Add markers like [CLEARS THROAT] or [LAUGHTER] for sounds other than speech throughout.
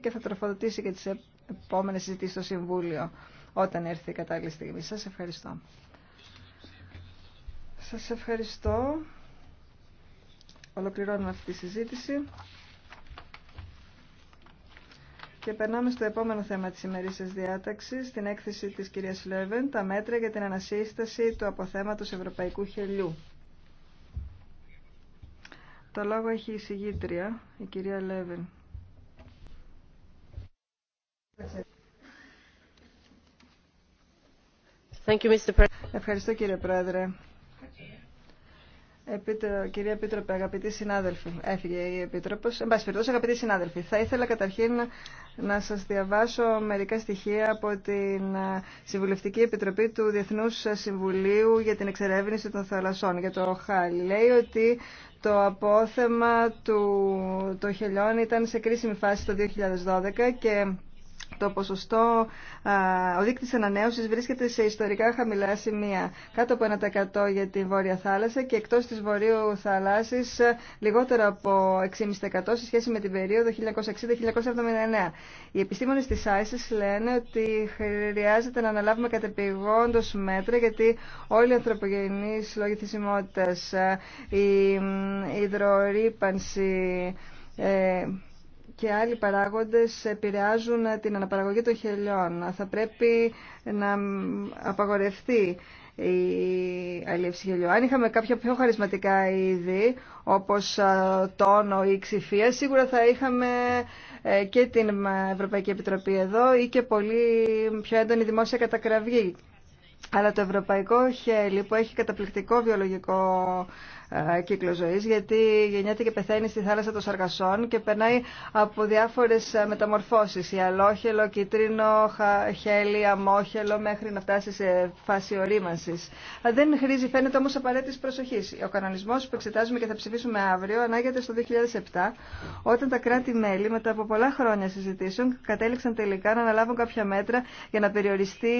και θα τροφοδοτήσει και τις επόμενες συζητήσεις στο Συμβούλιο όταν έρθει η κατάλληλη στιγμή. Σας ευχαριστώ. Σας ευχαριστώ. Ολοκληρώνουμε αυτή τη συζήτηση. Και περνάμε στο επόμενο θέμα της ημερήσιας διάταξης, την έκθεση της κυρίας Λέβεν, τα μέτρα για την ανασύσταση του αποθέματος ευρωπαϊκού χελιού. Το λόγο έχει η συγγήτρια, η κυρία Λέβεν. Ευχαριστώ κύριε Πρόεδρε. Επίτρο, κυρία Επίτροπε, αγαπητοί συνάδελφοι, έφυγε η Επίτροπος. Εν αγαπητοί συνάδελφοι, θα ήθελα καταρχήν να σας διαβάσω μερικά στοιχεία από την Συμβουλευτική Επιτροπή του Διεθνούς Συμβουλίου για την Εξερεύνηση των Θαλασσών για το ΧΑΛΗ. Λέει ότι το απόθεμα του το χελιών ήταν σε κρίσιμη φάση το 2012 και το ποσοστό, ο δείκτης ανανέωσης βρίσκεται σε ιστορικά χαμηλά σημεία, κάτω από 1% για τη Βόρεια Θάλασσα και εκτός της Βορείου Θαλάσσης ε, λιγότερο από 6,5% σε σχέση με την περίοδο 1960-1979. Οι επιστήμονες της ISIS λένε ότι χρειάζεται να αναλάβουμε κατεπηγόντως μέτρα γιατί όλοι οι ανθρωπογενείς λόγοι θυσιμότητας, ε, η υδρορύπανση, ε, και άλλοι παράγοντες επηρεάζουν την αναπαραγωγή των χελιών. Θα πρέπει να απαγορευτεί η αλλιεύση χελιού. Αν είχαμε κάποια πιο χαρισματικά είδη, όπως τόνο ή ξηφία, σίγουρα θα είχαμε ε, και την Ευρωπαϊκή Επιτροπή εδώ ή και πολύ πιο έντονη δημόσια κατακραυγή. Αλλά το ευρωπαϊκό χέλι που έχει καταπληκτικό βιολογικό ε, κύκλο ζωή, γιατί γεννιέται και πεθαίνει στη θάλασσα των Σαργασών και περνάει από διάφορε μεταμορφώσει. Η αλόχελο, κίτρινο, χέλι, αμόχελο, μέχρι να φτάσει σε φάση ορίμανση. Ε, δεν χρήζει, φαίνεται όμω απαραίτητη προσοχή. Ο κανονισμό που εξετάζουμε και θα ψηφίσουμε αύριο ανάγεται στο 2007, όταν τα κράτη-μέλη μετά από πολλά χρόνια συζητήσεων κατέληξαν τελικά να αναλάβουν κάποια μέτρα για να περιοριστεί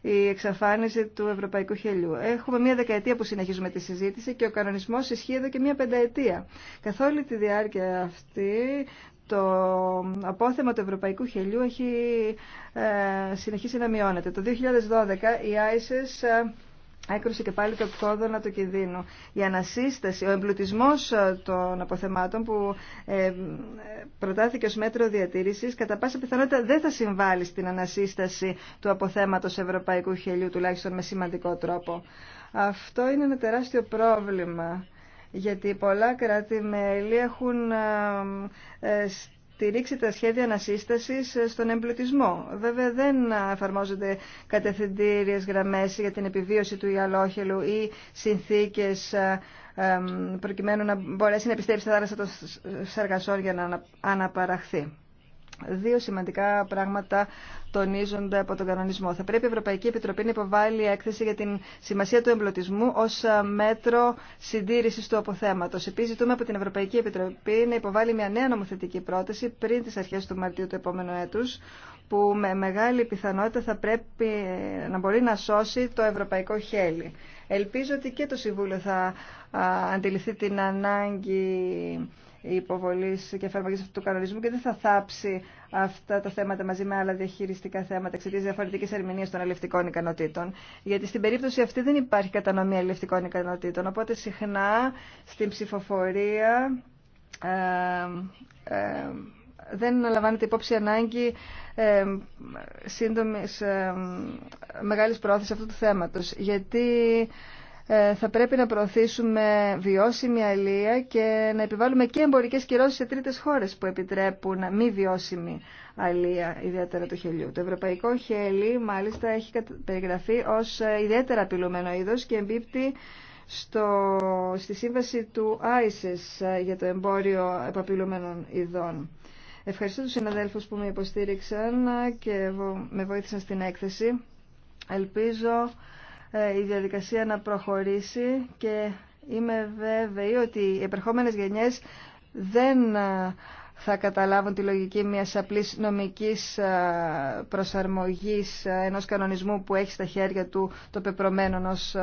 η εξαφάνιση του ευρωπαϊκού χελιού. Έχουμε μία δεκαετία που συνεχίζουμε τη συζήτηση και ο κανονισμός ισχύει εδώ και μία πενταετία. Καθ' όλη τη διάρκεια αυτή το απόθεμα του ευρωπαϊκού χελιού έχει ε, συνεχίσει να μειώνεται. Το 2012 η ISIS έκρουσε και πάλι το κόδωνα του κινδύνου. Η ανασύσταση, ο εμπλουτισμός ε, των αποθεμάτων που ε, ε, προτάθηκε ω μέτρο διατήρησης κατά πάσα πιθανότητα δεν θα συμβάλλει στην ανασύσταση του αποθέματος ευρωπαϊκού χελιού τουλάχιστον με σημαντικό τρόπο. Αυτό είναι ένα τεράστιο πρόβλημα γιατί πολλά κράτη-μέλη έχουν στηρίξει τα σχέδια ανασύστασης στον εμπλουτισμό. Βέβαια δεν εφαρμόζονται κατευθυντήριε γραμμές για την επιβίωση του ιαλόχελου ή συνθήκες προκειμένου να μπορέσει να επιστρέψει στα θάλασσα των σαργασών για να αναπαραχθεί. Δύο σημαντικά πράγματα τονίζονται από τον κανονισμό. Θα πρέπει η Ευρωπαϊκή Επιτροπή να υποβάλει έκθεση για την σημασία του εμπλωτισμού ω ε, μέτρο συντήρηση του αποθέματο. Επίση, ζητούμε από την Ευρωπαϊκή Επιτροπή να υποβάλει μια νέα νομοθετική πρόταση πριν τι αρχέ του Μαρτίου του επόμενου έτου, που με μεγάλη πιθανότητα θα πρέπει ε, να μπορεί να σώσει το ευρωπαϊκό χέλι. Ελπίζω ότι και το Συμβούλιο θα αντιληφθεί την ανάγκη υποβολή και εφαρμογή αυτού του κανονισμού και δεν θα θάψει αυτά τα θέματα μαζί με άλλα διαχειριστικά θέματα εξαιτία διαφορετική ερμηνεία των αλληλευτικών ικανοτήτων. Γιατί στην περίπτωση αυτή δεν υπάρχει κατανομή αλληλευτικών ικανοτήτων. Οπότε συχνά στην ψηφοφορία ε, ε, δεν λαμβάνεται υπόψη ανάγκη ε, σύντομης ε, μεγάλης πρόθεσης αυτού του θέματος. Γιατί ε, θα πρέπει να προωθήσουμε βιώσιμη αλεία και να επιβάλλουμε και εμπορικές κυρώσεις σε τρίτες χώρες που επιτρέπουν μη βιώσιμη αλεία, ιδιαίτερα του χελιού. Το ευρωπαϊκό χέλι μάλιστα έχει περιγραφεί ως ε, ιδιαίτερα απειλούμενο είδο και εμπίπτει στο, στη σύμβαση του ISIS ε, για το εμπόριο επαπειλούμενων ειδών. Ευχαριστώ τους συναδέλφους που με υποστήριξαν και με βοήθησαν στην έκθεση. Ελπίζω ε, η διαδικασία να προχωρήσει και είμαι βέβαιη ότι οι επερχόμενες γενιές δεν ε, θα καταλάβουν τη λογική μιας απλής νομικής ε, προσαρμογής ενός κανονισμού που έχει στα χέρια του το πεπρωμένο ενός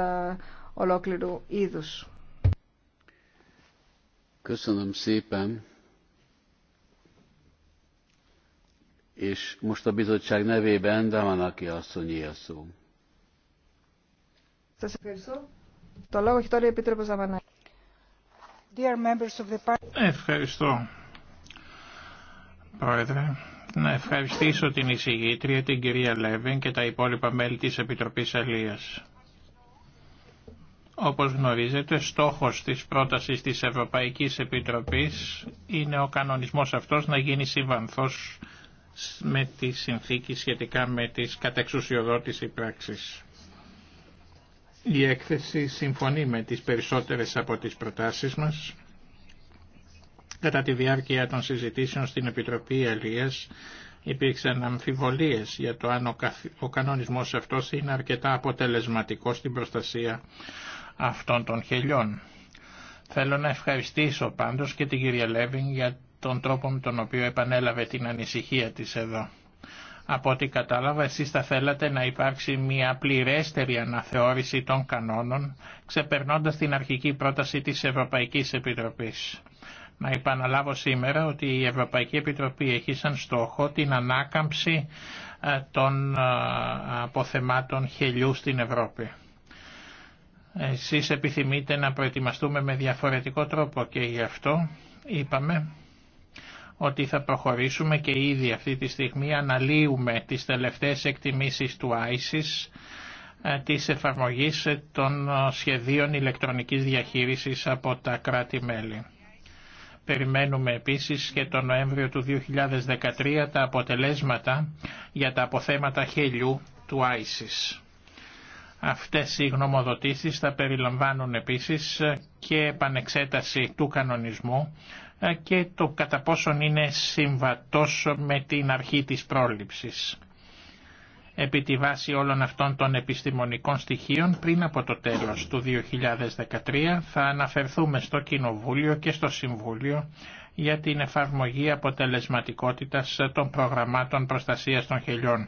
ολόκληρου είδους. És most a bizottság nevében Damanaki asszonyi σας ευχαριστώ. Το λόγο έχει τώρα η Επίτροπο Ζαβανάκη. Ευχαριστώ, Πρόεδρε. Να ευχαριστήσω την εισηγήτρια, την κυρία Λέβιν και τα υπόλοιπα μέλη της Επιτροπής Αλίας. Όπως γνωρίζετε, στόχος της πρότασης της Ευρωπαϊκής Επιτροπής είναι ο κανονισμός αυτός να γίνει συμβανθός με τη συνθήκη σχετικά με τις κατεξουσιοδότηση πράξης. Η έκθεση συμφωνεί με τις περισσότερες από τις προτάσεις μας. Κατά τη διάρκεια των συζητήσεων στην Επιτροπή Αλίας υπήρξαν αμφιβολίες για το αν ο κανονισμός αυτός είναι αρκετά αποτελεσματικός στην προστασία αυτών των χελιών. Θέλω να ευχαριστήσω πάντως και την κυρία Λέβιν για τον τρόπο με τον οποίο επανέλαβε την ανησυχία της εδώ. Από ό,τι κατάλαβα εσείς θα θέλατε να υπάρξει μια πληρέστερη αναθεώρηση των κανόνων ξεπερνώντας την αρχική πρόταση της Ευρωπαϊκής Επιτροπής. Να επαναλάβω σήμερα ότι η Ευρωπαϊκή Επιτροπή έχει σαν στόχο την ανάκαμψη ε, των ε, αποθεμάτων χελιού στην Ευρώπη. Εσείς επιθυμείτε να προετοιμαστούμε με διαφορετικό τρόπο και γι' αυτό είπαμε ότι θα προχωρήσουμε και ήδη αυτή τη στιγμή αναλύουμε τις τελευταίες εκτιμήσεις του ISIS ε, της εφαρμογής των ε, σχεδίων ηλεκτρονικής διαχείρισης από τα κράτη-μέλη. Περιμένουμε επίσης και τον Νοέμβριο του 2013 τα αποτελέσματα για τα αποθέματα χελιού του ISIS. Αυτές οι γνωμοδοτήσεις θα περιλαμβάνουν επίσης ε, και επανεξέταση του κανονισμού ε, και το κατά πόσον είναι συμβατός με την αρχή της πρόληψης. Επί τη βάση όλων αυτών των επιστημονικών στοιχείων, πριν από το τέλος του 2013 θα αναφερθούμε στο Κοινοβούλιο και στο Συμβούλιο για την εφαρμογή αποτελεσματικότητας των προγραμμάτων προστασίας των χελιών.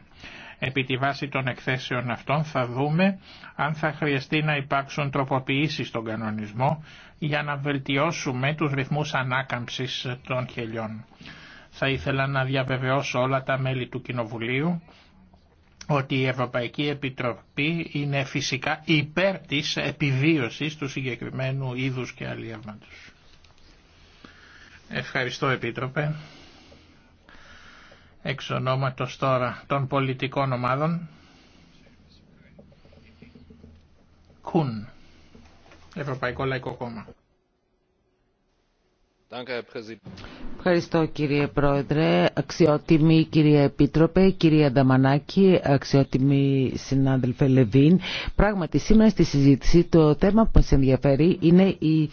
Επί τη βάση των εκθέσεων αυτών θα δούμε αν θα χρειαστεί να υπάρξουν τροποποιήσεις στον κανονισμό για να βελτιώσουμε τους ρυθμούς ανάκαμψης των χελιών. Θα ήθελα να διαβεβαιώσω όλα τα μέλη του Κοινοβουλίου ότι η Ευρωπαϊκή Επιτροπή είναι φυσικά υπέρ της επιβίωσης του συγκεκριμένου είδους και αλλιεύματος. Ευχαριστώ Επίτροπε εξ ονόματος τώρα των πολιτικών ομάδων. Κουν, Ευρωπαϊκό Λαϊκό Κόμμα. Ευχαριστώ κύριε Πρόεδρε, αξιότιμη κυρία Επίτροπε, κυρία Νταμανάκη, αξιότιμη συνάδελφε Λεβίν. Πράγματι σήμερα στη συζήτηση το θέμα που μας ενδιαφέρει είναι η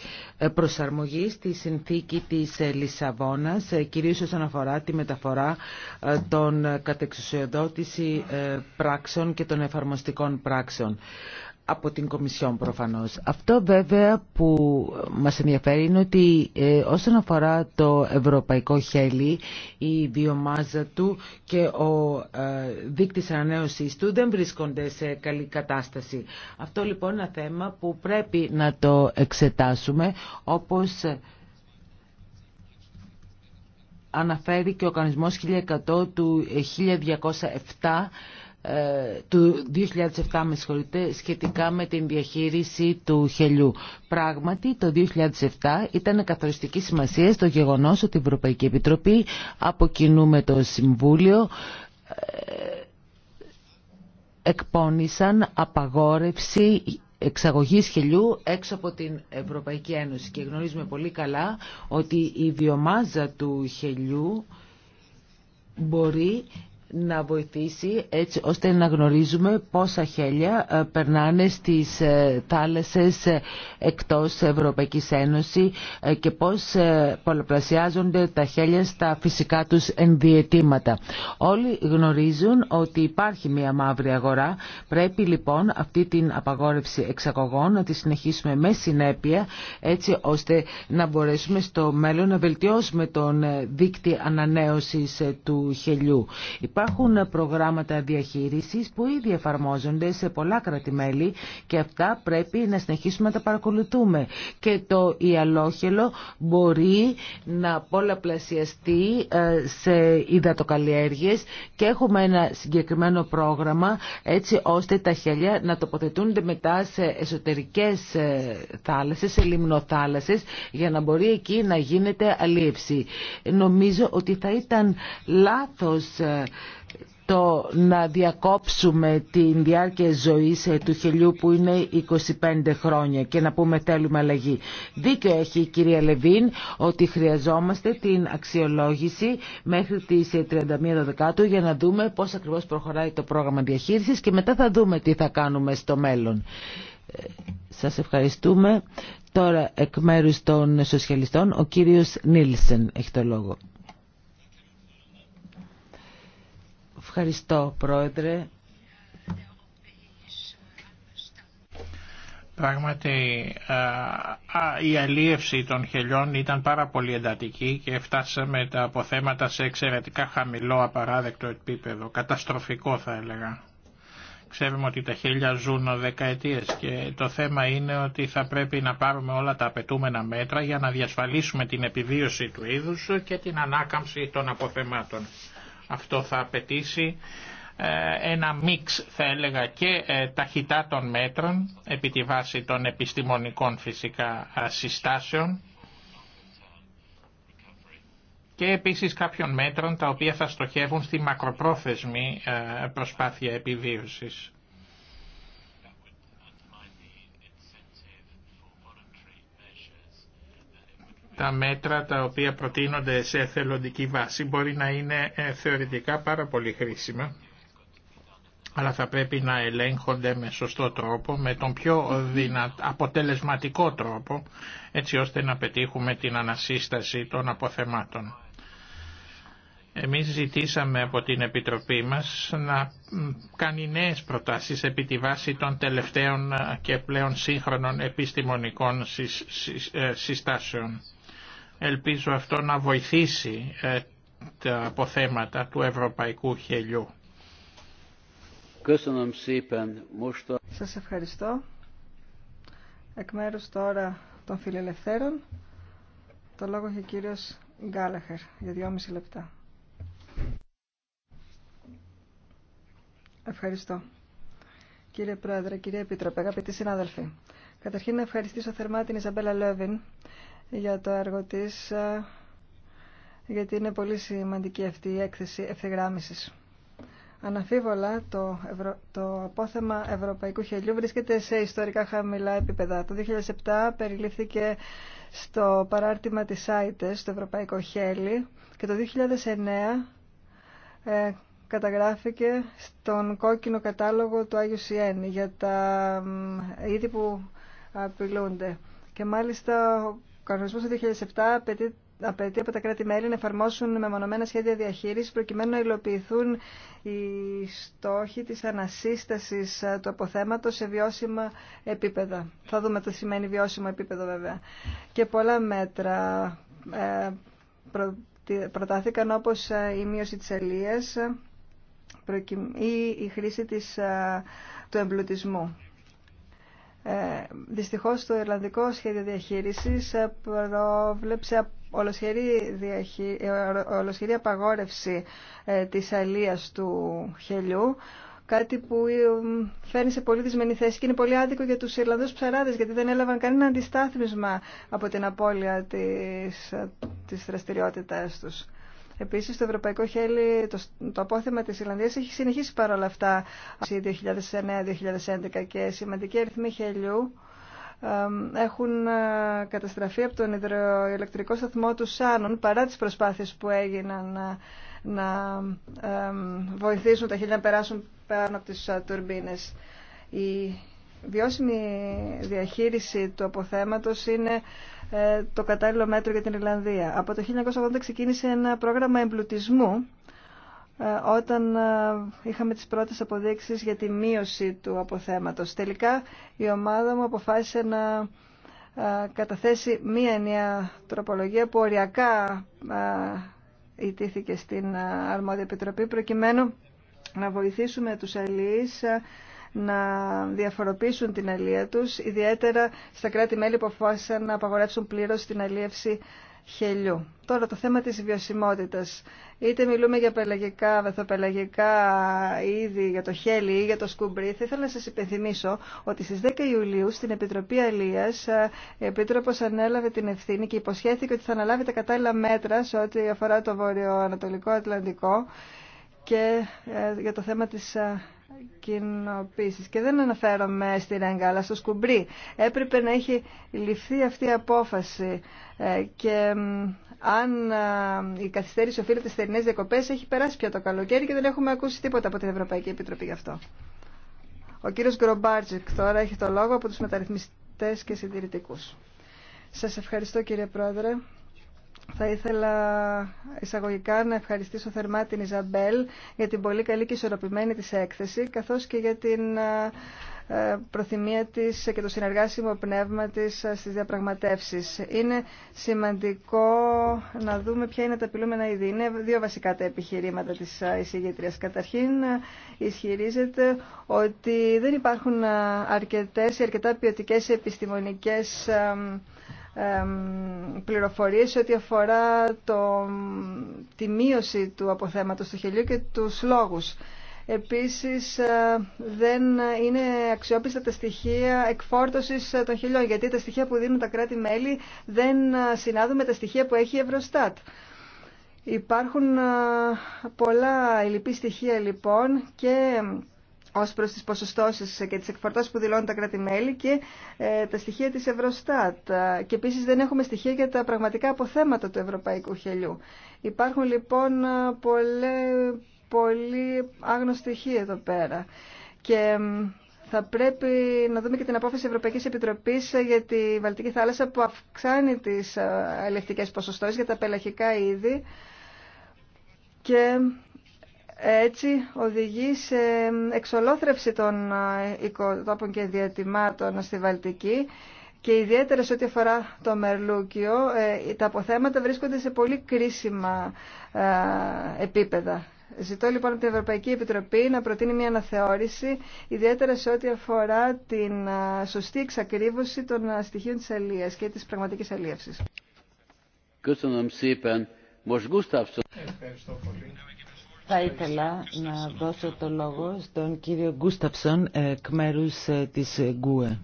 προσαρμογή στη συνθήκη της Λισαβόνας, κυρίως όσον αφορά τη μεταφορά ε, των κατεξουσιοδότηση ε, πράξεων και των εφαρμοστικών πράξεων από την Κομισιόν προφανώς. Αυτό βέβαια που μας ενδιαφέρει είναι ότι ε, όσον αφορά το ευρωπαϊκό χέλι, η βιομάζα του και ο ε, δείκτης ανανέωσης του δεν βρίσκονται σε καλή κατάσταση. Αυτό λοιπόν είναι ένα θέμα που πρέπει να το εξετάσουμε όπως αναφέρει και ο κανονισμός 1100 του 1207 ε, του 2007 με σχετικά με την διαχείριση του χελιού. Πράγματι το 2007 ήταν καθοριστική σημασία στο γεγονός ότι η Ευρωπαϊκή Επιτροπή από το Συμβούλιο ε, εκπώνησαν απαγόρευση εξαγωγής χελιού έξω από την Ευρωπαϊκή Ένωση και γνωρίζουμε πολύ καλά ότι η βιομάζα του χελιού μπορεί να βοηθήσει έτσι ώστε να γνωρίζουμε πόσα χέλια ε, περνάνε στις ε, θάλασσες ε, εκτός Ευρωπαϊκής Ένωσης και πώς πολλαπλασιάζονται τα χέλια στα φυσικά τους ενδιαιτήματα. Όλοι γνωρίζουν ότι υπάρχει μια μαύρη αγορά. Πρέπει λοιπόν αυτή την απαγόρευση εξαγωγών να τη συνεχίσουμε με συνέπεια έτσι ώστε να μπορέσουμε στο μέλλον να βελτιώσουμε τον δίκτυο ανανέωσης του χελιού. Υπάρχουν προγράμματα διαχείρισης που ήδη εφαρμόζονται σε πολλά κράτη-μέλη και αυτά πρέπει να συνεχίσουμε να τα παρακολουθούμε. Και το ιαλόχελο μπορεί να πολλαπλασιαστεί ε, σε υδατοκαλλιέργειες και έχουμε ένα συγκεκριμένο πρόγραμμα έτσι ώστε τα χελιά να τοποθετούνται μετά σε εσωτερικές ε, θάλασσες, σε λιμνοθάλασσες για να μπορεί εκεί να γίνεται αλίευση. Νομίζω ότι θα ήταν λάθος ε, το να διακόψουμε την διάρκεια ζωής ε, του χελιού που είναι 25 χρόνια και να πούμε θέλουμε αλλαγή. Δίκιο έχει η κυρία Λεβίν ότι χρειαζόμαστε την αξιολόγηση μέχρι τις 31 ε, για να δούμε πώς ακριβώς προχωράει το πρόγραμμα διαχείρισης και μετά θα δούμε τι θα κάνουμε στο μέλλον. Ε, σας ευχαριστούμε. Τώρα εκ μέρους των σοσιαλιστών ο κύριος Νίλσεν έχει το λόγο. Ευχαριστώ, Πρόεδρε. Πράγματι η αλίευση των χελιών ήταν πάρα πολύ εντατική και φτάσαμε τα αποθέματα σε εξαιρετικά χαμηλό απαράδεκτο επίπεδο, καταστροφικό θα έλεγα. Ξέρουμε ότι τα χέλια ζουν δεκαετίες και το θέμα είναι ότι θα πρέπει να πάρουμε όλα τα απαιτούμενα μέτρα για να διασφαλίσουμε την επιβίωση του είδους και την ανάκαμψη των αποθεμάτων. Αυτό θα απαιτήσει ε, ένα μίξ θα έλεγα και ε, ταχυτά των μέτρων επί τη βάση των επιστημονικών φυσικά συστάσεων και επίσης κάποιων μέτρων τα οποία θα στοχεύουν στη μακροπρόθεσμη ε, προσπάθεια επιβίωσης. τα μέτρα τα οποία προτείνονται σε εθελοντική βάση μπορεί να είναι ε, θεωρητικά πάρα πολύ χρήσιμα αλλά θα πρέπει να ελέγχονται με σωστό τρόπο, με τον πιο αποτελεσματικό τρόπο, έτσι ώστε να πετύχουμε την ανασύσταση των αποθεμάτων. Εμείς ζητήσαμε από την Επιτροπή μας να κάνει νέες προτάσεις επί τη βάση των τελευταίων ε, και πλέον σύγχρονων επιστημονικών ε, συστάσεων. Ελπίζω αυτό να βοηθήσει ε, τα αποθέματα του ευρωπαϊκού χελιού. Σας ευχαριστώ. Εκ μέρους τώρα των φιλελευθέρων, το λόγο έχει ο κύριος Γκάλαχερ για δυόμιση λεπτά. Ευχαριστώ. Κύριε Πρόεδρε, κύριε Επίτροπε, αγαπητοί συνάδελφοι. Καταρχήν να ευχαριστήσω θερμά την Ιζαμπέλα Λέβιν για το έργο της, ε, γιατί είναι πολύ σημαντική αυτή η έκθεση ευθυγράμμισης. Αναφίβολα, το, το απόθεμα ευρωπαϊκού χελιού βρίσκεται σε ιστορικά χαμηλά επίπεδα. Το 2007 περιλήφθηκε στο παράρτημα της ΣΑΙΤΕΣ, το ευρωπαϊκό χέλι, και το 2009 ε, καταγράφηκε στον κόκκινο κατάλογο του Άγιου για τα είδη που απειλούνται. Και μάλιστα κανονισμό του 2007 απαιτεί, απαιτεί από τα κράτη-μέλη να εφαρμόσουν μεμονωμένα σχέδια διαχείριση προκειμένου να υλοποιηθούν οι στόχοι της ανασύσταση ε, του αποθέματο σε βιώσιμα επίπεδα. Θα δούμε τι σημαίνει βιώσιμο επίπεδο βέβαια. Και πολλά μέτρα ε, προτάθηκαν όπως ε, η μείωση της αλίας ή η χρήση της, του εμπλουτισμού. Ε, δυστυχώς το Ιρλανδικό Σχέδιο Διαχείρισης ε, προβλέψε ολοσχερή, διαχει... Ε, ολοσχερή απαγόρευση της αλίας του χελιού κάτι που φέρνει σε πολύ δυσμενή θέση και είναι πολύ άδικο για τους Ιρλανδούς ψαράδες γιατί δεν έλαβαν κανένα αντιστάθμισμα από την απώλεια της, της δραστηριότητάς τους. Επίσης, το ευρωπαϊκό χέλι, το, το απόθεμα της Ιλανδίας εχει έχει συνεχίσει παρόλα αυτά 2009-2011 και σημαντικοί αριθμοί χελιού έχουν ε, καταστραφεί από τον υδροελεκτρικό σταθμό του Σάνων παρά τις προσπάθειες που έγιναν ε, να, να βοηθήσουν τα χελιά να περάσουν πάνω από τις ε, τουρμπίνες βιώσιμη διαχείριση του αποθέματος είναι ε, το κατάλληλο μέτρο για την Ιρλανδία. Από το 1980 ξεκίνησε ένα πρόγραμμα εμπλουτισμού ε, όταν ε, είχαμε τις πρώτες αποδείξεις για τη μείωση του αποθέματος. Τελικά η ομάδα μου αποφάσισε να καταθέσει μία ενιαία τροπολογία που οριακά ιτήθηκε στην Αρμόδια Επιτροπή προκειμένου να βοηθήσουμε τους αλληλείς να διαφοροποιήσουν την αλία τους, ιδιαίτερα στα κράτη-μέλη που αποφάσισαν να απαγορεύσουν πλήρως την αλίευση χελιού. Τώρα το θέμα της βιωσιμότητας. Είτε μιλούμε για πελαγικά, βεθοπελαγικά είδη, για το χέλι ή για το σκουμπρί, θα ήθελα να σας υπενθυμίσω ότι στις 10 Ιουλίου στην Επιτροπή Αλίας η ε, Επίτροπος ανέλαβε την ευθύνη και υποσχέθηκε ότι θα αναλάβει τα κατάλληλα μέτρα σε ό,τι αφορά το βορειοανατολικό Ατλαντικό και ε, για το θέμα της ε, κοινοποίησης. Και δεν αναφέρομαι στη Ρέγκα, αλλά στο Σκουμπρί. Έπρεπε να έχει ληφθεί αυτή η απόφαση ε, και αν ε, η καθυστέρηση οφείλεται στι θερινέ διακοπέ, έχει περάσει πια το καλοκαίρι και δεν έχουμε ακούσει τίποτα από την Ευρωπαϊκή Επιτροπή γι' αυτό. Ο κύριος Γκρομπάρτζικ τώρα έχει το λόγο από τους μεταρρυθμιστές και συντηρητικούς. Σας ευχαριστώ κύριε Πρόεδρε. Θα ήθελα εισαγωγικά να ευχαριστήσω θερμά την Ιζαμπέλ για την πολύ καλή και ισορροπημένη της έκθεση, καθώς και για την ε, ε, προθυμία της και το συνεργάσιμο πνεύμα της ε, στις διαπραγματεύσεις. Είναι σημαντικό να δούμε ποια είναι τα απειλούμενα είδη. Είναι δύο βασικά τα επιχειρήματα της εισηγήτριας. Καταρχήν ισχυρίζεται ότι δεν υπάρχουν αρκετές ή αρκετά ποιοτικές επιστημονικές πληροφορίες ό,τι αφορά το, τη μείωση του αποθέματος του χελίου και του λόγους. Επίσης ε, δεν είναι αξιόπιστα τα στοιχεία εκφόρτωσης των χελιών γιατί τα στοιχεία που δίνουν τα κράτη-μέλη δεν ε, συνάδουν με τα στοιχεία που έχει η Ευρωστάτ. Υπάρχουν ε, πολλά ελλειπή στοιχεία λοιπόν και ως προς τις ποσοστώσεις και τις εκφορτώσεις που δηλώνουν τα κράτη-μέλη και ε, τα στοιχεία της Ευρωστάτ. Και επίσης δεν έχουμε στοιχεία για τα πραγματικά αποθέματα του ευρωπαϊκού χελιού. Υπάρχουν λοιπόν ε, πολλέ, πολύ άγνωστοι στοιχεία εδώ πέρα. Και θα πρέπει να δούμε και την απόφαση Ευρωπαϊκής Επιτροπής για τη Βαλτική Θάλασσα που αυξάνει τις ε, ελεκτικές ποσοστώσεις για τα πελαχικά είδη και έτσι οδηγεί σε εξολόθρευση των ε, οικοτόπων και διατημάτων στη Βαλτική και ιδιαίτερα σε ό,τι αφορά το Μερλούκιο, ε, τα αποθέματα βρίσκονται σε πολύ κρίσιμα ε, επίπεδα. Ζητώ λοιπόν από την Ευρωπαϊκή Επιτροπή να προτείνει μια αναθεώρηση, ιδιαίτερα σε ό,τι αφορά την σωστή εξακρίβωση των στοιχείων της αλίας και της πραγματικής αλίευσης. Ευχαριστώ πολύ. Θα ήθελα να δώσω το λόγο στον κύριο Γκούσταψον εκ μέρου ε, της ΓΚΟΕ.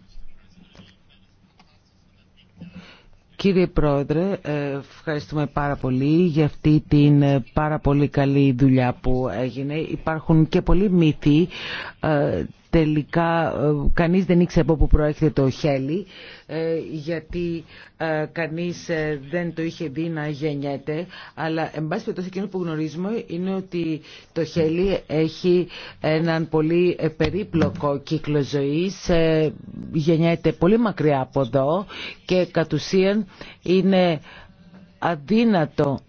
Κύριε Πρόεδρε, ε, ευχαριστούμε πάρα πολύ για αυτή την ε, πάρα πολύ καλή δουλειά που έγινε. Υπάρχουν και πολλοί μύθοι τελικά ε, κανείς δεν ήξερε από πού προέρχεται το χέλι ε, γιατί ε, κανείς δεν το είχε δει να γεννιέται αλλά εν πάση περιπτώσει εκείνο που γνωρίζουμε είναι ότι το χέλι έχει έναν πολύ περίπλοκο κύκλο ζωής γεννιέται πολύ μακριά από εδώ και κατ' ουσίαν είναι αδύνατο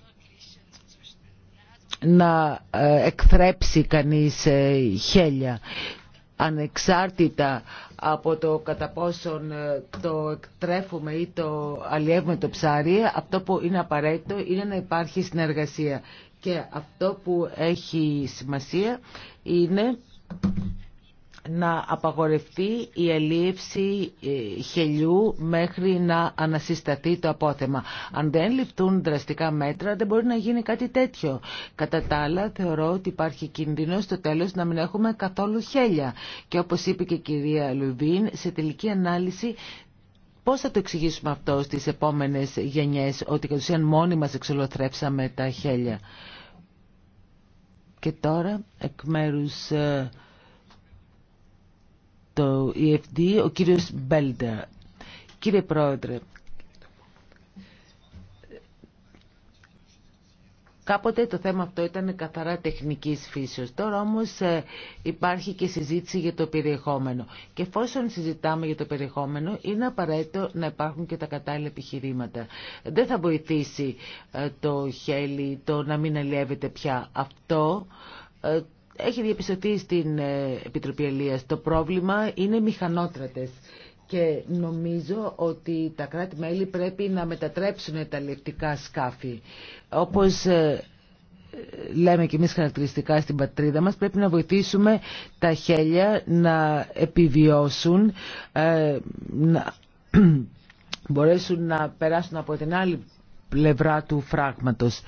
να εκθρέψει κανείς χέλια ανεξάρτητα από το κατά πόσον ε, το εκτρέφουμε ή το αλλιεύουμε το ψάρι, αυτό που είναι απαραίτητο είναι να υπάρχει συνεργασία. Και αυτό που έχει σημασία είναι να απαγορευτεί η ελίευση ε, χελιού μέχρι να ανασυσταθεί το απόθεμα. Αν δεν ληφθούν δραστικά μέτρα δεν μπορεί να γίνει κάτι τέτοιο. Κατά τα άλλα θεωρώ ότι υπάρχει κίνδυνο στο τέλος να μην έχουμε καθόλου χέλια. Και όπως είπε και η κυρία Λουβίν, σε τελική ανάλυση Πώς θα το εξηγήσουμε αυτό στις επόμενες γενιές, ότι κατ' ουσίαν μόνοι μας εξολοθρέψαμε τα χέλια. Και τώρα, εκ μέρους ε, το EFD, ο κύριος Μπέλντερ. Κύριε Πρόεδρε, Κάποτε το θέμα αυτό ήταν καθαρά τεχνικής φύσεως. Τώρα όμως ε, υπάρχει και συζήτηση για το περιεχόμενο. Και εφόσον συζητάμε για το περιεχόμενο, είναι απαραίτητο να υπάρχουν και τα κατάλληλα επιχειρήματα. Δεν θα βοηθήσει ε, το χέλι, το να μην αλλιεύεται πια αυτό ε, έχει διαπιστωθεί στην ε, Επιτροπή Ελίας το πρόβλημα είναι μηχανότρατες και νομίζω ότι τα κράτη-μέλη πρέπει να μετατρέψουν τα λεπτικά σκάφη. Όπως ε, λέμε και εμείς χαρακτηριστικά στην πατρίδα μας, πρέπει να βοηθήσουμε τα χέλια να επιβιώσουν, ε, να [CLEARS THROAT] μπορέσουν να περάσουν από την άλλη πλευρά του φράγματος.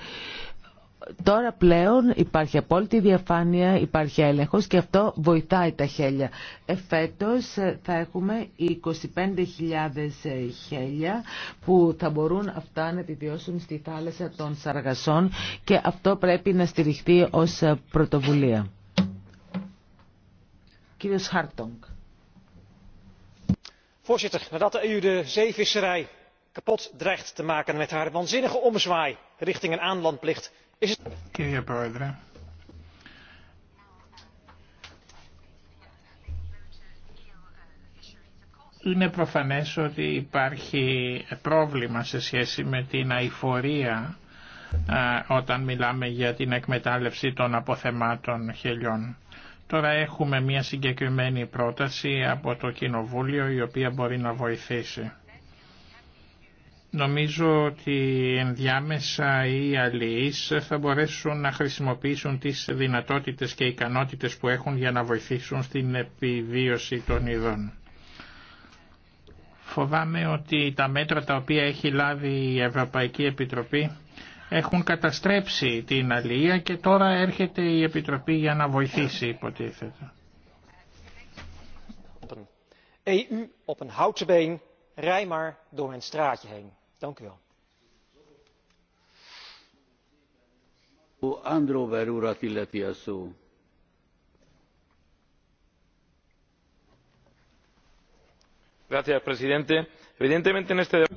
Τώρα πλέον υπάρχει απόλυτη διαφάνεια, υπάρχει έλεγχος και αυτό βοηθάει τα χέλια. Εφέτος ε, θα έχουμε 25.000 ε, χέλια που θα μπορούν αυτά να επιβιώσουν στη θάλασσα των Σαργασών και αυτό πρέπει να στηριχτεί ως ε, πρωτοβουλία. Κύριος Χάρτονγκ. Voorzitter, nadat de EU de zeevisserij kapot dreigt te maken met haar waanzinnige omzwaai richting een aanlandplicht Κύριε Πρόεδρε, είναι προφανές ότι υπάρχει πρόβλημα σε σχέση με την αηφορία όταν μιλάμε για την εκμετάλλευση των αποθεμάτων χελιών. Τώρα έχουμε μια συγκεκριμένη πρόταση από το Κοινοβούλιο η οποία μπορεί να βοηθήσει. Νομίζω ότι ενδιάμεσα οι αλληλείς θα μπορέσουν να χρησιμοποιήσουν τις δυνατότητες και ικανότητες που έχουν για να βοηθήσουν στην επιβίωση των ειδών. Φοβάμαι ότι τα μέτρα τα οποία έχει λάβει η Ευρωπαϊκή Επιτροπή έχουν καταστρέψει την αλληλεία και τώρα έρχεται η Επιτροπή για να βοηθήσει υποτίθεται rij maar door mijn straatje heen. Dank u wel. Androver urat illeti a szó. Gracias, presidente. Evidentemente en este debate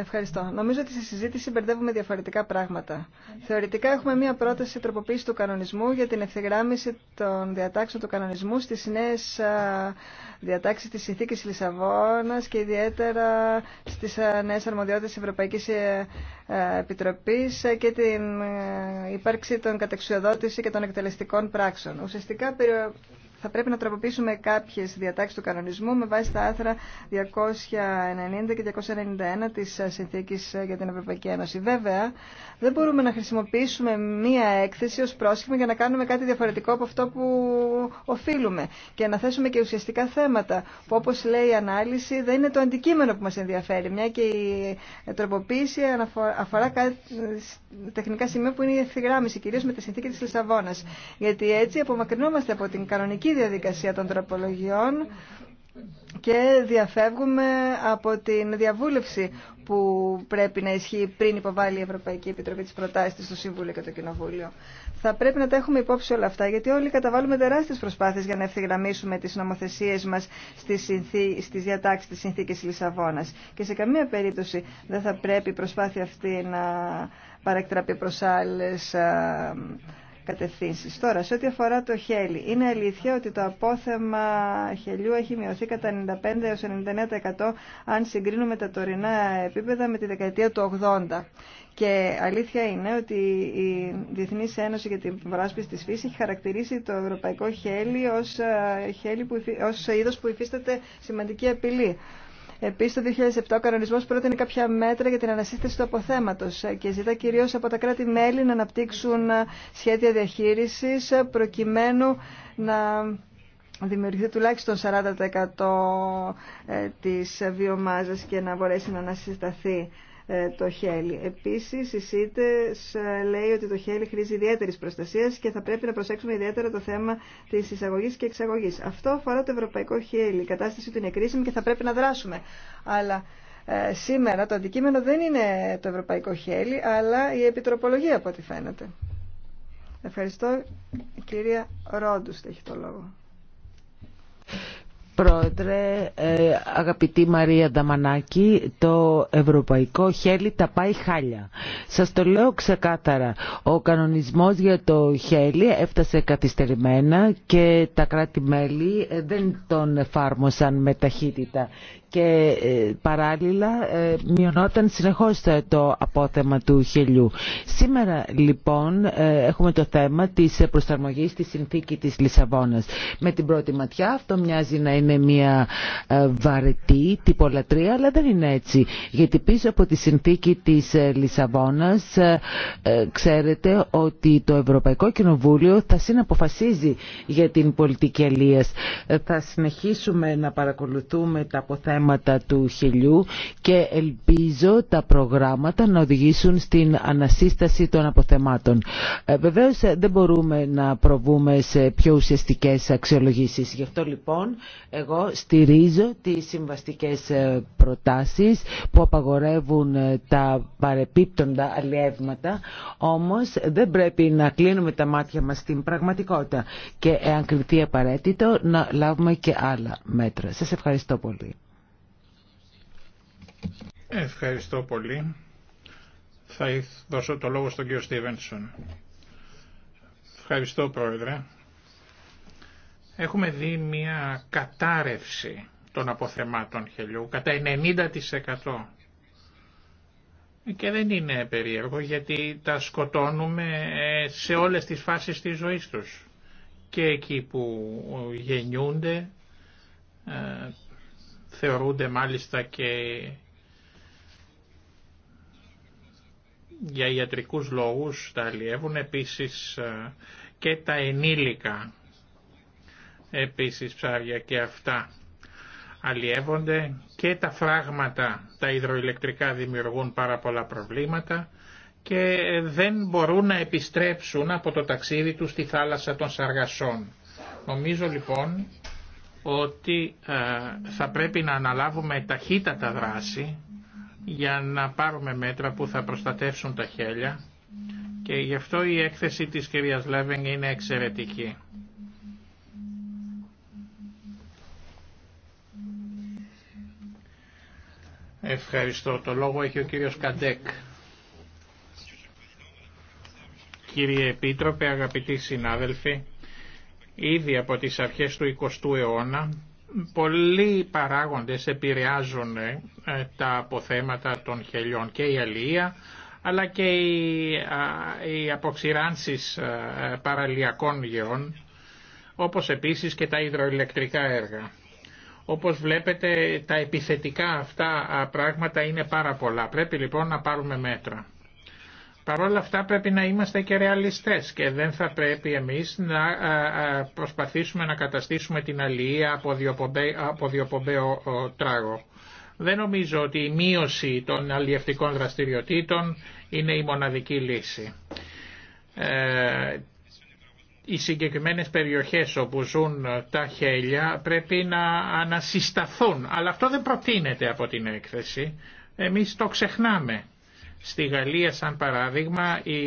Ευχαριστώ. Νομίζω ότι στη συζήτηση μπερδεύουμε διαφορετικά πράγματα. Θεωρητικά έχουμε μία πρόταση τροποποίηση του κανονισμού για την ευθυγράμμιση των διατάξεων του κανονισμού στις νέες διατάξεις της συνθήκης Λισαβόνας και ιδιαίτερα στις νέες αρμοδιότητες Ευρωπαϊκής ε, ε, Επιτροπής ε, και την ύπαρξη των κατεξιοδότηση και των εκτελεστικών πράξεων. Ουσιαστικά θα πρέπει να τροποποιήσουμε κάποιε διατάξει του κανονισμού με βάση τα άθρα 290 και 291 τη συνθήκη για την Ευρωπαϊκή Ένωση. Βέβαια, δεν μπορούμε να χρησιμοποιήσουμε μία έκθεση ω πρόσχημα για να κάνουμε κάτι διαφορετικό από αυτό που οφείλουμε και να θέσουμε και ουσιαστικά θέματα που όπω λέει η ανάλυση δεν είναι το αντικείμενο που μα ενδιαφέρει, μια και η τροποποίηση αφορά τεχνικά σημεία που είναι η ευθυγράμμιση, κυρίω με τη συνθήκη τη Λισαβόνα. Γιατί έτσι απομακρυνόμαστε από την κανονική η διαδικασία των τροπολογιών και διαφεύγουμε από την διαβούλευση που πρέπει να ισχύει πριν υποβάλει η Ευρωπαϊκή Επιτροπή τις προτάσεις στο Συμβούλο και το Κοινοβούλιο. Θα πρέπει να τα έχουμε υπόψη όλα αυτά, γιατί όλοι καταβάλουμε τεράστιες προσπάθειες για να ευθυγραμμίσουμε τις νομοθεσίες μας στι συνθή, διατάξεις της Συνθήκης Λισαβόνας. Και σε καμία περίπτωση δεν θα πρέπει η προσπάθεια αυτή να παρακτραπει προς άλλε. Τώρα, σε ό,τι αφορά το χέλι, είναι αλήθεια ότι το απόθεμα χελιού έχει μειωθεί κατά 95 έως 99% αν συγκρίνουμε τα τωρινά επίπεδα με τη δεκαετία του 80. Και αλήθεια είναι ότι η Διεθνή Ένωση για την Βράσπιση της Φύσης έχει χαρακτηρίσει το ευρωπαϊκό χέλι ως, είδο που, ως είδος που υφίσταται σημαντική απειλή. Επίση, το 2007 ο κανονισμό πρότεινε κάποια μέτρα για την ανασύσταση του αποθέματο και ζητά κυρίω από τα κράτη-μέλη να αναπτύξουν σχέδια διαχείριση προκειμένου να δημιουργηθεί τουλάχιστον 40% ε, της βιομάζας και να μπορέσει να ανασυσταθεί ε, το χέλι. Επίσης, η ΣΥΤΕ ε, λέει ότι το χέλι χρήζει ιδιαίτερη προστασία και θα πρέπει να προσέξουμε ιδιαίτερα το θέμα της εισαγωγής και εξαγωγής. Αυτό αφορά το ευρωπαϊκό χέλι. Η κατάσταση του είναι κρίσιμη και θα πρέπει να δράσουμε. Αλλά ε, σήμερα το αντικείμενο δεν είναι το ευρωπαϊκό χέλι, αλλά η επιτροπολογία από ό,τι φαίνεται. Ευχαριστώ. Η κυρία Ρόντου έχει το λόγο. Πρόεδρε, ε, αγαπητή Μαρία Νταμανάκη, το ευρωπαϊκό χέλι τα πάει χάλια. Σας το λέω ξεκάθαρα. Ο κανονισμός για το χέλι έφτασε καθυστερημένα και τα κράτη-μέλη δεν τον εφάρμοσαν με ταχύτητα και ε, παράλληλα ε, μειωνόταν συνεχώς ε, το απόθεμα του χελιού. Σήμερα λοιπόν έχουμε το θέμα της προσαρμογής της συνθήκη της Λισαβόνας. Με την πρώτη ματιά αυτό μοιάζει να είναι μια βαρετή τυπολατρία αλλά δεν είναι έτσι γιατί πίσω από τη συνθήκη της Λισαβόνας ξέρετε ότι το Ευρωπαϊκό Κοινοβούλιο θα συναποφασίζει για την πολιτική αλίας. Θα συνεχίσουμε να παρακολουθούμε τα αποθέματα θέματα του χελιού και ελπίζω τα προγράμματα να οδηγήσουν στην ανασύσταση των αποθεμάτων. Ε, Βεβαίω ε, δεν μπορούμε να προβούμε σε πιο ουσιαστικέ αξιολογήσει. Γι' αυτό λοιπόν εγώ στηρίζω τι συμβαστικέ ε, προτάσει που απαγορεύουν τα παρεπίπτοντα αλλιεύματα, όμως δεν πρέπει να κλείνουμε τα μάτια μα στην πραγματικότητα και εάν κρυφτεί απαραίτητο να λάβουμε και άλλα μέτρα. Σα ευχαριστώ πολύ. Ευχαριστώ πολύ. Θα δώσω το λόγο στον κύριο Στίβενσον. Ευχαριστώ πρόεδρε. Έχουμε δει μια κατάρρευση των αποθεμάτων χελιού κατά 90% και δεν είναι περίεργο γιατί τα σκοτώνουμε ε, σε όλες τις φάσεις της ζωής τους και εκεί που γεννιούνται ε, θεωρούνται μάλιστα και για ιατρικούς λόγους τα αλλιεύουν επίσης ε, και τα ενήλικα επίσης ψάρια και αυτά αλλιεύονται και τα φράγματα τα υδροηλεκτρικά δημιουργούν πάρα πολλά προβλήματα και δεν μπορούν να επιστρέψουν από το ταξίδι τους στη θάλασσα των Σαργασών. Νομίζω λοιπόν ότι ε, θα πρέπει να αναλάβουμε ταχύτατα δράση για να πάρουμε μέτρα που θα προστατεύσουν τα χέλια και γι' αυτό η έκθεση της κυρίας Λέβεν είναι εξαιρετική. Ευχαριστώ. Το λόγο έχει ο κύριος Καντέκ. Κύριε Επίτροπε, αγαπητοί συνάδελφοι, ήδη από τις αρχές του 20ου αιώνα Πολλοί παράγοντες επηρεάζουν ε, ε, τα αποθέματα των χελιών και η αλληλεία αλλά και οι, οι αποξηράνσεις ε, παραλιακών γεών όπως επίσης και τα υδροηλεκτρικά έργα. Όπως βλέπετε τα επιθετικά αυτά πράγματα είναι πάρα πολλά. Πρέπει λοιπόν να πάρουμε μέτρα. Παρ' όλα αυτά πρέπει να είμαστε και ρεαλιστές και δεν θα πρέπει εμείς να προσπαθήσουμε να καταστήσουμε την αλληλεία από διοπομπαίο, από τράγο. Δεν νομίζω ότι η μείωση των αλλιευτικών δραστηριοτήτων είναι η μοναδική λύση. Ε, οι συγκεκριμένες περιοχές όπου ζουν τα χέλια πρέπει να ανασυσταθούν. Αλλά αυτό δεν προτείνεται από την έκθεση. Εμείς το ξεχνάμε. Στη Γαλλία, σαν παράδειγμα, η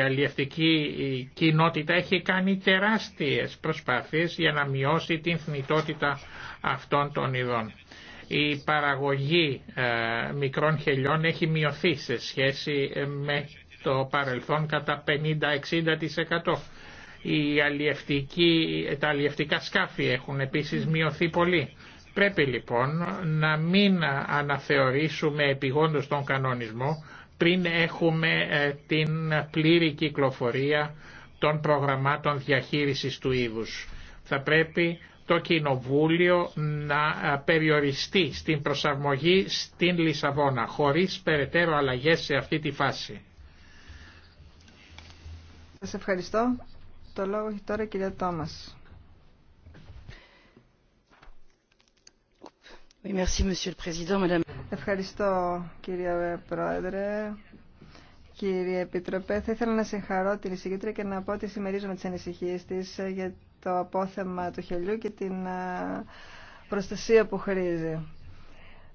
αλλιευτική κοινότητα έχει κάνει τεράστιες προσπάθειες για να μειώσει την θνητότητα αυτών των ειδών. Η παραγωγή ε, μικρών χελιών έχει μειωθεί σε σχέση ε, με το παρελθόν κατά 50-60%. Οι τα αλλιευτικά σκάφη έχουν επίσης μειωθεί πολύ. Πρέπει λοιπόν να μην αναθεωρήσουμε επιγόντως τον κανονισμό πριν έχουμε ε, την πλήρη κυκλοφορία των προγραμμάτων διαχείρισης του είδους. Θα πρέπει το Κοινοβούλιο να ε, περιοριστεί στην προσαρμογή στην Λισαβόνα, χωρίς περαιτέρω αλλαγές σε αυτή τη φάση. Σας ευχαριστώ. Το λόγο έχει τώρα κυρία Τόμας. Ευχαριστώ κύριε Πρόεδρε. Κύριε Επιτροπέ, θα ήθελα να συγχαρώ την εισηγήτρια και να πω ότι συμμερίζομαι τις ανησυχίες της για το απόθεμα του χελιού και την προστασία που χρήζει.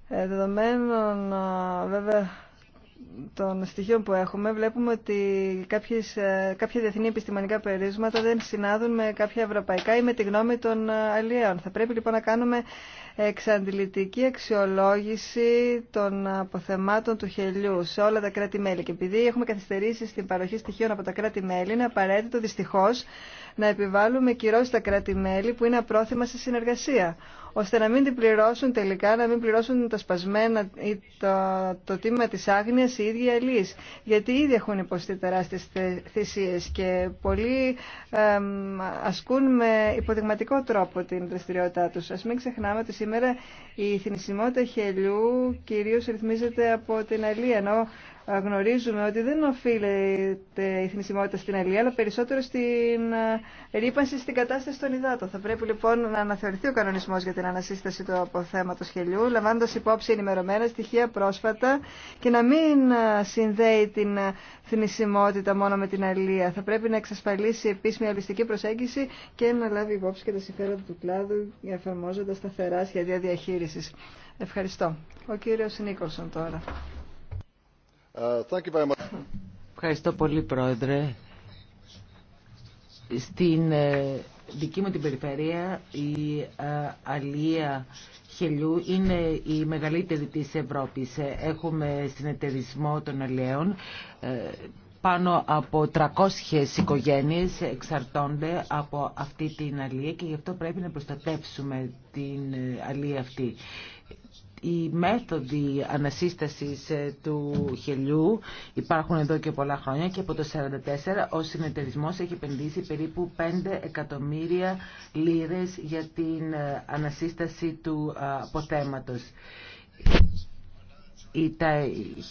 Ε, δεδομένων βέβαια των στοιχείων που έχουμε βλέπουμε ότι κάποιες, ε, κάποια διεθνή επιστημονικά περίσματα δεν συνάδουν με κάποια ευρωπαϊκά ή με τη γνώμη των ε, αλλιέων. Θα πρέπει λοιπόν να κάνουμε εξαντλητική αξιολόγηση των αποθεμάτων του χελιού σε όλα τα κράτη-μέλη. Και επειδή έχουμε καθυστερήσει στην παροχή στοιχείων από τα κράτη-μέλη, είναι απαραίτητο δυστυχώ να επιβάλλουμε κυρώσει στα κράτη-μέλη που είναι απρόθυμα σε συνεργασία ώστε να μην την πληρώσουν τελικά, να μην πληρώσουν τα σπασμένα ή το, το τίμημα της άγνοιας οι ίδιοι αλείς. Γιατί ήδη έχουν υποστεί τεράστιες θυσίες και πολλοί ασκούν με υποδειγματικό τρόπο την δραστηριότητά τους. Ας μην ξεχνάμε ότι σήμερα η θνησιμότητα χελιού κυρίως ρυθμίζεται από την αλή, ενώ ε, γνωρίζουμε ότι δεν οφείλεται η θνησιμότητα στην αλληλία αλλά περισσότερο στην ε, ρήπανση στην κατάσταση των υδάτων. Θα πρέπει λοιπόν να αναθεωρηθεί ο κανονισμό για την ανασύσταση του αποθέματο χελιού, λαμβάνοντα υπόψη ενημερωμένα στοιχεία πρόσφατα και να μην ε, συνδέει την θνησιμότητα μόνο με την Ελία. Θα πρέπει να εξασφαλίσει επίσημη αλυστική προσέγγιση και να λάβει υπόψη και τα συμφέροντα του κλάδου, εφαρμόζοντα σταθερά σχέδια διαχείριση. Ευχαριστώ. Ο κύριος Νίκολσον τώρα. Ευχαριστώ πολύ, Πρόεδρε. Στην ε, δική μου την περιφέρεια η ε, αλία χελιού είναι η μεγαλύτερη της Ευρώπης. Ε, έχουμε συνεταιρισμό των αλιαίων. Πάνω από 300 οικογένειες εξαρτώνται από αυτή την αλία και γι' αυτό πρέπει να προστατεύσουμε την αλία αυτή οι μέθοδοι ανασύστασης ε, του χελιού υπάρχουν εδώ και πολλά χρόνια και από το 1944 ο συνεταιρισμός έχει επενδύσει περίπου 5 εκατομμύρια λίρες για την ε, ανασύσταση του ε, αποθέματος. Τα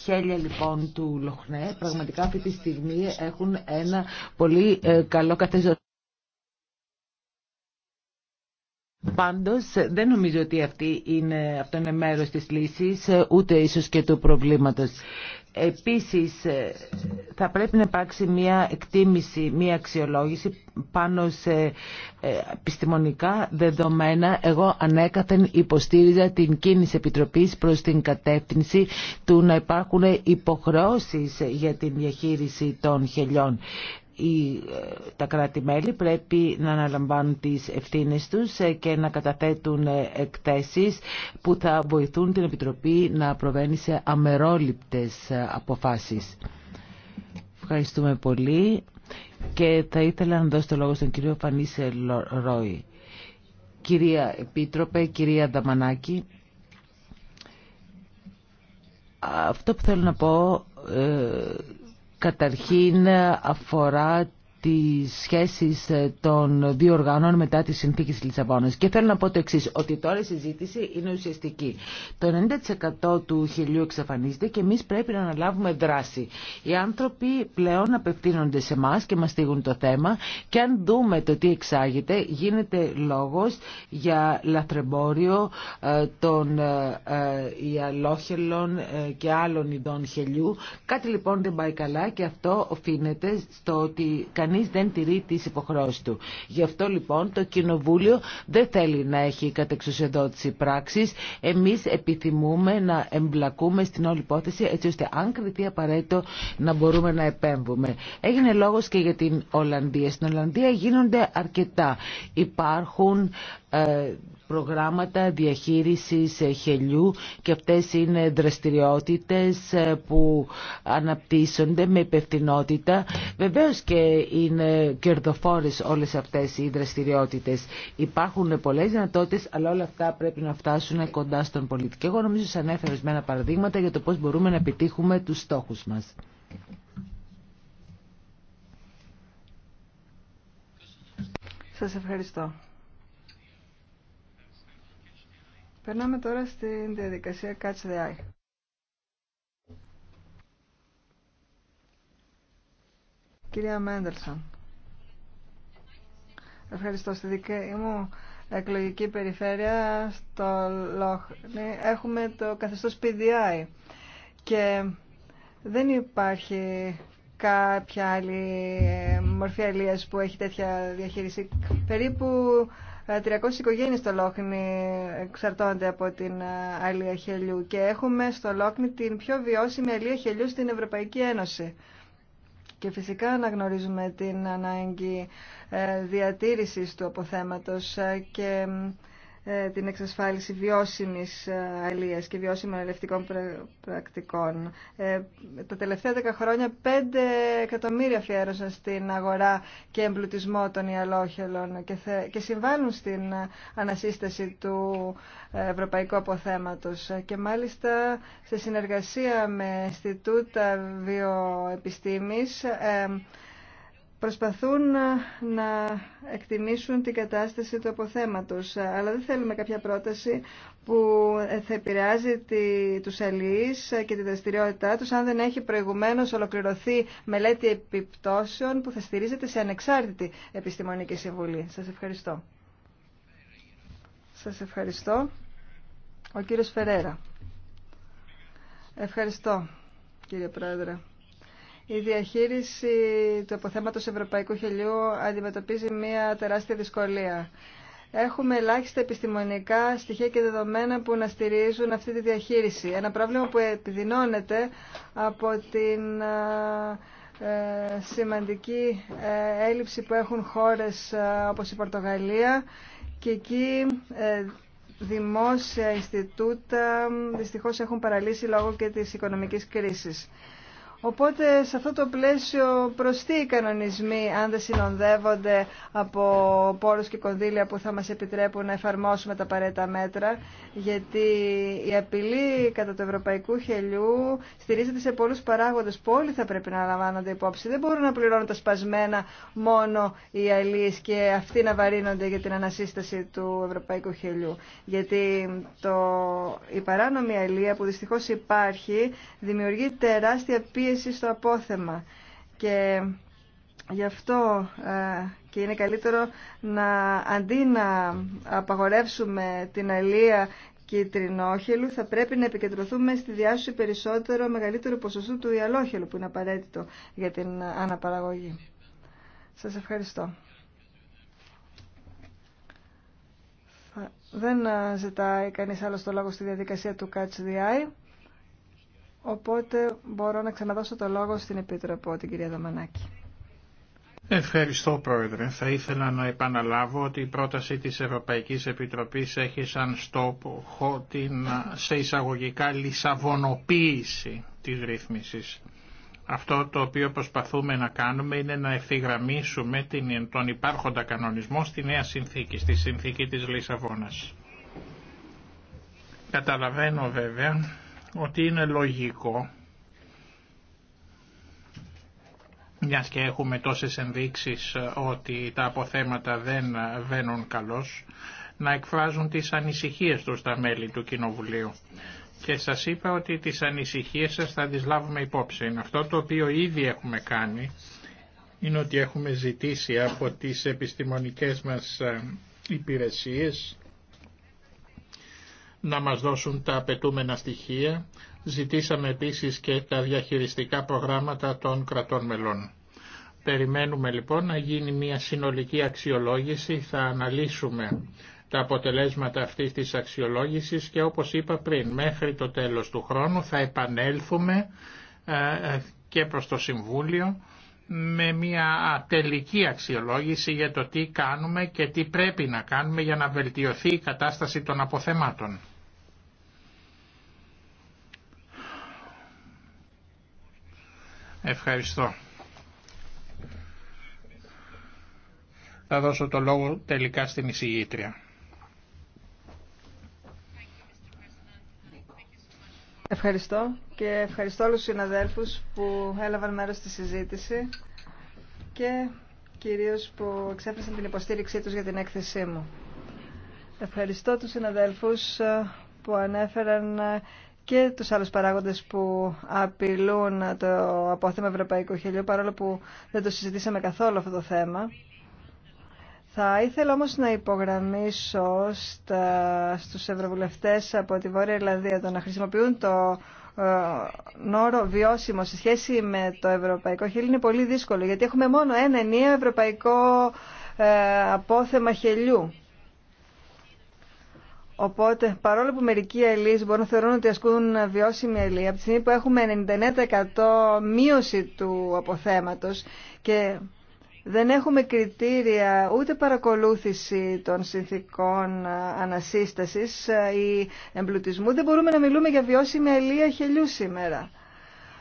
χέλια λοιπόν του Λοχνέ πραγματικά αυτή τη στιγμή έχουν ένα πολύ καλό καθεζό. Πάντως δεν νομίζω ότι αυτή είναι, αυτό είναι μέρος της λύσης, ούτε ίσως και του προβλήματος. Επίσης θα πρέπει να υπάρξει μια εκτίμηση, μια αξιολόγηση πάνω σε ε, επιστημονικά δεδομένα. Εγώ ανέκαθεν υποστήριζα την κίνηση Επιτροπής προς την κατεύθυνση του να υπάρχουν υποχρεώσεις για την διαχείριση των χελιών. Ε, τα κράτη-μέλη πρέπει να αναλαμβάνουν τις ευθύνες τους ε, και να καταθέτουν ε, εκτέσεις που θα βοηθούν την Επιτροπή να προβαίνει σε αμερόληπτες αποφάσεις. Ευχαριστούμε πολύ και θα ήθελα να δώσω το λόγο στον κύριο Φανίσε Ρόι. Κυρία Επίτροπε, κυρία Δαμανάκη, αυτό που θέλω να πω καταρχήν αφορά τις σχέσεις ε, των δύο οργάνων μετά τη συνθήκη της Λισαβόνας. Και θέλω να πω το εξή ότι τώρα η συζήτηση είναι ουσιαστική. Το 90% του χελιού εξαφανίζεται και εμείς πρέπει να αναλάβουμε δράση. Οι άνθρωποι πλέον απευθύνονται σε εμά και μας στείλουν το θέμα και αν δούμε το τι εξάγεται γίνεται λόγος για λαθρεμπόριο ε, των ε, ιαλόχελων και άλλων ειδών χελιού. Κάτι λοιπόν δεν πάει καλά και αυτό οφείλεται στο ότι κανείς δεν τηρεί τις υποχρώσεις του. Γι' αυτό λοιπόν το Κοινοβούλιο δεν θέλει να έχει κατεξουσιοδότηση πράξης. Εμείς επιθυμούμε να εμπλακούμε στην όλη υπόθεση έτσι ώστε αν κριθεί απαραίτητο να μπορούμε να επέμβουμε. Έγινε λόγος και για την Ολλανδία. Στην Ολλανδία γίνονται αρκετά. Υπάρχουν ε, προγράμματα διαχείρισης ε, χελιού και αυτές είναι δραστηριότητες ε, που αναπτύσσονται με υπευθυνότητα. Βεβαίως και είναι κερδοφόρες όλες αυτές οι δραστηριότητες. Υπάρχουν πολλές δυνατότητες, αλλά όλα αυτά πρέπει να φτάσουν κοντά στον πολίτη. Και εγώ νομίζω έφερες με ένα παραδείγματα για το πώς μπορούμε να επιτύχουμε τους στόχους μας. Σας ευχαριστώ. Περνάμε τώρα στην διαδικασία Catch the Eye. Κυρία Μέντελσον, ευχαριστώ στη δική μου εκλογική περιφέρεια στο Λόχνη. Έχουμε το καθεστώς PDI και δεν υπάρχει κάποια άλλη μορφή αλίας που έχει τέτοια διαχείριση. Περίπου 300 ε, οικογένειες στο Λόχνη εξαρτώνται από την ε, αλία χελιού και έχουμε στο Λόχνη την πιο βιώσιμη αλία χελιού στην Ευρωπαϊκή Ένωση. Και φυσικά αναγνωρίζουμε την ανάγκη ε, διατήρησης του αποθέματος και ε, την εξασφάλιση βιώσιμης ε, αλίας και βιώσιμων ελευτικών πρακτικών. Ε, τα τελευταία δέκα χρόνια 5 εκατομμύρια αφιέρωσαν στην αγορά και εμπλουτισμό των ιαλόχελων και συμβάλλουν στην ανασύσταση του ευρωπαϊκού αποθέματος. Και μάλιστα σε συνεργασία με Ινστιτούτα Βιοεπιστήμης προσπαθούν να εκτιμήσουν την κατάσταση του αποθέματος. Αλλά δεν θέλουμε κάποια πρόταση που θα επηρεάζει τη, τους αλληλείς και τη δραστηριότητά τους αν δεν έχει προηγουμένως ολοκληρωθεί μελέτη επιπτώσεων που θα στηρίζεται σε ανεξάρτητη επιστημονική συμβουλή. Σας ευχαριστώ. Σας ευχαριστώ. Ο κύριος Φερέρα. Ευχαριστώ, κύριε Πρόεδρε. Η διαχείριση του αποθέματος ευρωπαϊκού χελιού αντιμετωπίζει μια τεράστια δυσκολία. Έχουμε ελάχιστα επιστημονικά στοιχεία και δεδομένα που να στηρίζουν αυτή τη διαχείριση. Ένα πρόβλημα που επιδεινώνεται από την ε, σημαντική ε, έλλειψη που έχουν χώρες όπως η Πορτογαλία και εκεί ε, δημόσια Ινστιτούτα δυστυχώς έχουν παραλύσει λόγω και της οικονομικής κρίσης. Οπότε σε αυτό το πλαίσιο προς τι οι κανονισμοί αν δεν συνοδεύονται από πόρους και κονδύλια που θα μας επιτρέπουν να εφαρμόσουμε τα παρέτα μέτρα γιατί η απειλή κατά του ευρωπαϊκού χελιού στηρίζεται σε πολλούς παράγοντες που όλοι θα πρέπει να λαμβάνονται υπόψη. Δεν μπορούν να πληρώνουν τα σπασμένα μόνο οι αλείς και αυτοί να βαρύνονται για την ανασύσταση του ευρωπαϊκού χελιού. Γιατί η παράνομη αλία που δυστυχώς υπάρχει δημιουργεί τεράστια πίεση κρίση στο απόθεμα και γι' αυτό ε, και είναι καλύτερο να αντί να απαγορεύσουμε την αλία κίτρινόχελου θα πρέπει να επικεντρωθούμε στη διάσωση περισσότερο μεγαλύτερου ποσοστού του ιαλόχελου που είναι απαραίτητο για την αναπαραγωγή. Σας ευχαριστώ. Δεν ζητάει κανείς άλλο το λόγο στη διαδικασία του Catch the Eye. Οπότε μπορώ να ξαναδώσω το λόγο στην Επίτροπο, την κυρία Δαμανάκη. Ευχαριστώ Πρόεδρε. Θα ήθελα να επαναλάβω ότι η πρόταση της Ευρωπαϊκής Επιτροπής έχει σαν στόχο την σε εισαγωγικά λισαβονοποίηση της ρύθμισης. Αυτό το οποίο προσπαθούμε να κάνουμε είναι να ευθυγραμμίσουμε την, τον υπάρχοντα κανονισμό στη νέα συνθήκη, στη συνθήκη της Λισαβόνας. Καταλαβαίνω βέβαια ότι είναι λογικό μια και έχουμε τόσες ενδείξεις ε, ότι τα αποθέματα δεν ε, βαίνουν καλώς, να εκφράζουν τις ανησυχίες τους τα μέλη του Κοινοβουλίου. Και σας είπα ότι τις ανησυχίες σας θα τις λάβουμε υπόψη. Αυτό το οποίο ήδη έχουμε κάνει είναι ότι έχουμε ζητήσει από τις επιστημονικές μας ε, υπηρεσίες να μας δώσουν τα απαιτούμενα στοιχεία. Ζητήσαμε επίσης και τα διαχειριστικά προγράμματα των κρατών μελών. Περιμένουμε λοιπόν να γίνει μια συνολική αξιολόγηση, θα αναλύσουμε τα αποτελέσματα αυτής της αξιολόγησης και όπως είπα πριν, μέχρι το τέλος του χρόνου θα επανέλθουμε ε, ε, και προς το Συμβούλιο με μια τελική αξιολόγηση για το τι κάνουμε και τι πρέπει να κάνουμε για να βελτιωθεί η κατάσταση των αποθεμάτων. Ευχαριστώ. Θα δώσω το λόγο τελικά στην εισηγήτρια. Ευχαριστώ και ευχαριστώ όλους τους συναδέλφους που έλαβαν μέρος στη συζήτηση και κυρίως που εξέφρασαν την υποστήριξή τους για την έκθεσή μου. Ευχαριστώ τους συναδέλφους που ανέφεραν και τους άλλους παράγοντες που απειλούν το απόθεμα ευρωπαϊκού χελιού, παρόλο που δεν το συζητήσαμε καθόλου αυτό το θέμα. Θα ήθελα όμως να υπογραμμίσω στα, στους ευρωβουλευτές από τη Βόρεια Ελλανδία το να χρησιμοποιούν το ε, νόρο βιώσιμο σε σχέση με το ευρωπαϊκό χελί είναι πολύ δύσκολο γιατί έχουμε μόνο ένα ενιαίο ευρωπαϊκό ε, απόθεμα χελιού Οπότε, παρόλο που μερικοί ελίες μπορούν να θεωρούν ότι ασκούν βιώσιμη αιλία, από τη στιγμή που έχουμε 99% μείωση του αποθέματος και δεν έχουμε κριτήρια ούτε παρακολούθηση των συνθήκων ανασύστασης ε, ή εμπλουτισμού, δεν μπορούμε να μιλούμε για βιώσιμη αιλία χελιού σήμερα.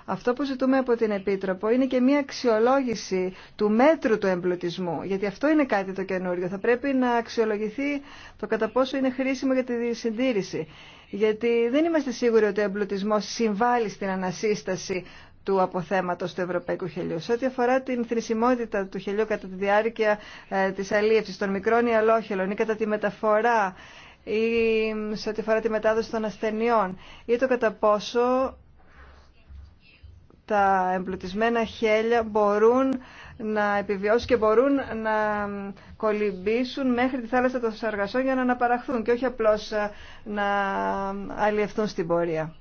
Αυτό που ζητούμε από την Επίτροπο είναι και μια αξιολόγηση του μέτρου του εμπλουτισμού, γιατί αυτό είναι κάτι το καινούριο. Θα πρέπει να αξιολογηθεί το κατά πόσο είναι χρήσιμο για τη συντήρηση. Γιατί δεν είμαστε σίγουροι ότι ο εμπλουτισμό συμβάλλει στην ανασύσταση του αποθέματο του Ευρωπαϊκού χελιού. Σε ό,τι αφορά την θρησιμότητα του χελιού κατά τη διάρκεια ε, τη αλίευση των μικρών ή ή κατά τη μεταφορά ή σε ό,τι αφορά τη μετάδοση των ασθενειών ή το κατά πόσο τα εμπλουτισμένα χέλια μπορούν να επιβιώσουν και μπορούν να κολυμπήσουν μέχρι τη θάλασσα των Σαργασών για να αναπαραχθούν και όχι απλώς ε, να αλλιευτούν στην πορεία.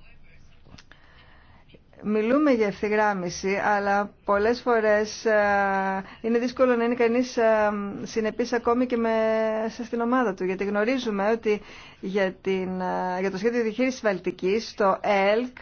Μιλούμε για ευθυγράμμιση, αλλά πολλές φορές ε, είναι δύσκολο να είναι κανείς ε, συνεπής ακόμη και με, στην ομάδα του. Γιατί γνωρίζουμε ότι για, την, για το σχέδιο διαχείρισης Βαλτικής, το ΕΛΚ,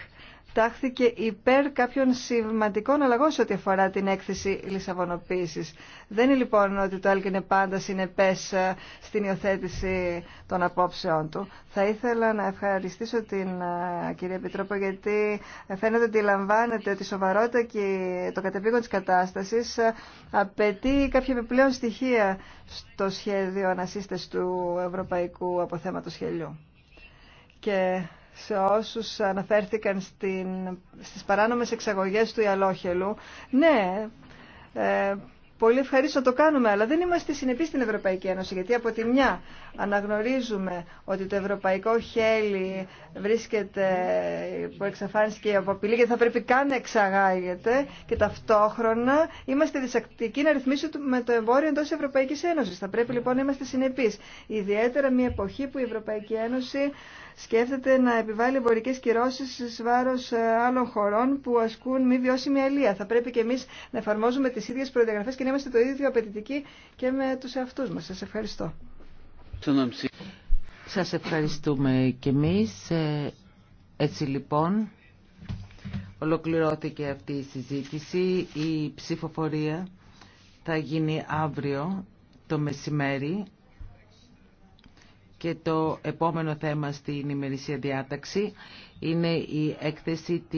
τάχθηκε υπέρ κάποιων σημαντικών αλλαγών σε ό,τι αφορά την έκθεση λισαβονοποίησης. Δεν είναι λοιπόν ότι το Άλκιν είναι πάντα συνεπέ ε, στην υιοθέτηση των απόψεών του. Θα ήθελα να ευχαριστήσω την ε, κυρία Επιτρόπο γιατί φαίνεται ότι λαμβάνεται ότι η σοβαρότητα και το κατεπήγον της κατάστασης ε, απαιτεί κάποια επιπλέον στοιχεία στο σχέδιο ανασύσταση του Ευρωπαϊκού Αποθέματο Χελιού. Και σε όσους αναφέρθηκαν στην, στις παράνομες εξαγωγές του Ιαλόχελου. Ναι, ε, πολύ ευχαρίστω το κάνουμε, αλλά δεν είμαστε συνεπείς στην Ευρωπαϊκή Ένωση, γιατί από τη μια αναγνωρίζουμε ότι το ευρωπαϊκό χέλι βρίσκεται υπό εξαφάνιση και από απειλή γιατί θα πρέπει καν να εξαγάγεται και ταυτόχρονα είμαστε δυσακτικοί να ρυθμίσουμε το εμπόριο εντός Ευρωπαϊκής Ένωσης. Θα πρέπει λοιπόν να είμαστε συνεπείς, ιδιαίτερα μια εποχή που η Ευρωπαϊκή Ένωση σκέφτεται να επιβάλλει εμπορικέ κυρώσει σε βάρο ε, άλλων χωρών που ασκούν μη βιώσιμη αλεία. Θα πρέπει και εμεί να εφαρμόζουμε τι ίδιε προδιαγραφέ και να είμαστε το ίδιο απαιτητικοί και με του εαυτού μα. Σα ευχαριστώ. Σας ευχαριστούμε και εμείς. Ε, έτσι λοιπόν, ολοκληρώθηκε αυτή η συζήτηση. Η ψηφοφορία θα γίνει αύριο το μεσημέρι. Και το επόμενο θέμα στην ημερησία διάταξη είναι η έκθεση της